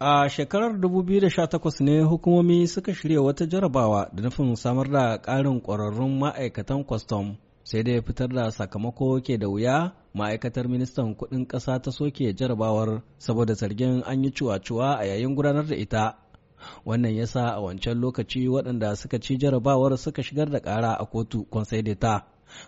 A shekarar 2018 ne hukumomi suka shirya wata jarabawa da nufin samar da ƙarin ƙwararrun ma'aikatan kwastom sai dai fitar da sakamako ke da wuya ma'aikatar ministan kuɗin ƙasa ta soke jarabawar saboda zargin an yi cuwa-cuwa a yayin gudanar da ita. Wannan ya sa a wancan lokaci waɗanda suka ci jarabawar suka shigar da ƙara a kotu da d'Etat,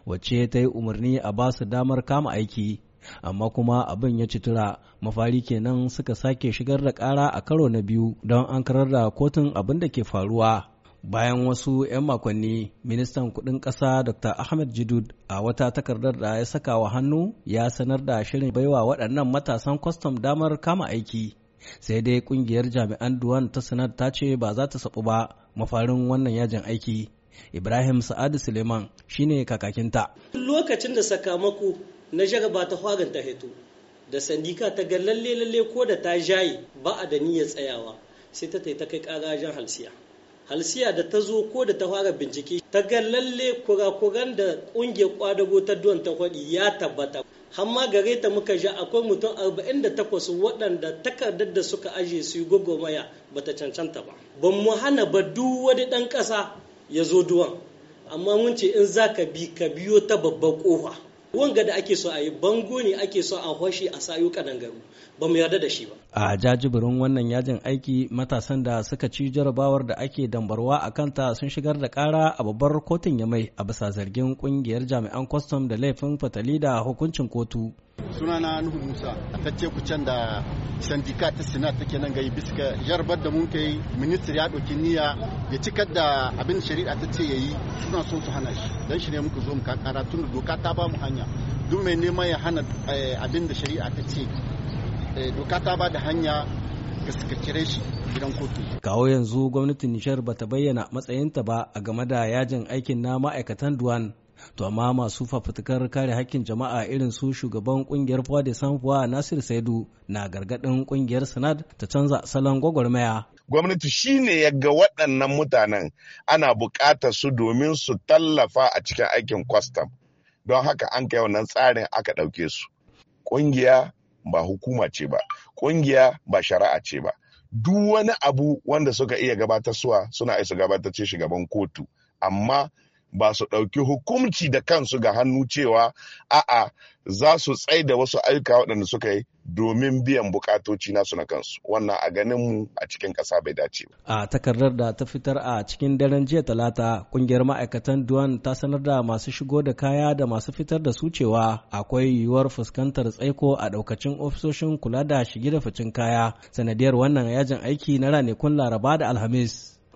wacce ta yi umarni a ba su damar kama aiki. amma kuma abin ya ci tura mafari kenan suka sake shigar da kara a karo na biyu don an karar da kotun abin da ke faruwa bayan wasu 'yan makonni ministan kudin ƙasa dr ahmed jidud a wata takardar da ya saka wa hannu ya sanar da shirin baiwa waɗannan matasan kwastam damar kama aiki sai dai kungiyar jami'an duwan ta sanar ta ce ba za ta saɓu ba mafarin wannan yajin aiki ibrahim sa'adu suleiman shine kakakinta lokacin da sakamako na jarabata ta hwagan ta hito da sandika ta ga lalle lalle ko da ta jaye ba a da niyyar tsayawa sai ta ta kai karajen halsiya halsiya da ta zo ko da ta fara bincike ta ga lalle kurakuran da ƙungiyar kwadago ta duwan ta kwadi ya tabbata hamma gare ta muka ja akwai mutum 48 waɗanda takardar da suka aje su yi gwagwamaya ba ta cancanta ba ban mu hana ba duk wani ɗan ƙasa ya zo duwan amma mun ce in za ka bi ka biyo ta babbar ƙofa wanga gada ake so a yi bango ne ake so a hoshi a sayo kadangaru ba mu yarda da shi ba a jajibirin wannan yajin aiki matasan da suka ci jarabawar da ake dambarwa a kanta sun shigar da kara a babbar kotun yamai a bisa zargin kungiyar jami'an kwastam da laifin fatali da hukuncin kotu suna na nuhu musa ta ce can da sandika ta sinat take nan gai biska jarabar da mun kai ministri ya ɗauki niyya ya cikar da abin shari'a ta ce yayi suna son su hana shi dan shi ne muka zo mu kara tun doka ta ba mu hanya duk mai neman ya hana eh, abin da shari'a ta ce eh, doka ta ba da hanya ga suka kire shi gidan kotu. Kawo yanzu gwamnatin Nishar bata bayyana matsayinta ba a game da yajin aikin na ma'aikatan Duwan to amma masu fafutukar kare hakkin jama'a irin su shugaban kungiyar Foi de Sanfuwa Nasir Saidu na gargadin kungiyar Sanad ta canza salon gwagwarmaya. Gwamnati shine ya ga waɗannan mutanen ana buƙatar su domin su tallafa a cikin aikin kwastam. Don haka an kai wannan tsarin aka ɗauke su. Ƙungiya ba hukuma ce ba, ƙungiya ba shari'a ce ba. Duk wani abu wanda suka iya gabatarsuwa suna isa gabatar shi gaban kotu. Amma ba su ɗauki hukumci da kansu ga hannu cewa a'a za su tsai da wasu aika waɗanda suka yi domin biyan bukatoci nasu na kansu wannan a ganin mu a cikin ƙasa bai dace ba. a takardar da ta fitar a cikin daren jiya talata ƙungiyar ma'aikatan duwan ta sanar da masu shigo da kaya da masu fitar da su cewa akwai yiwuwar fuskantar tsaiko a ɗaukacin ofisoshin kula da shige da ficin kaya sanadiyar wannan yajin aiki na ranakun laraba da alhamis.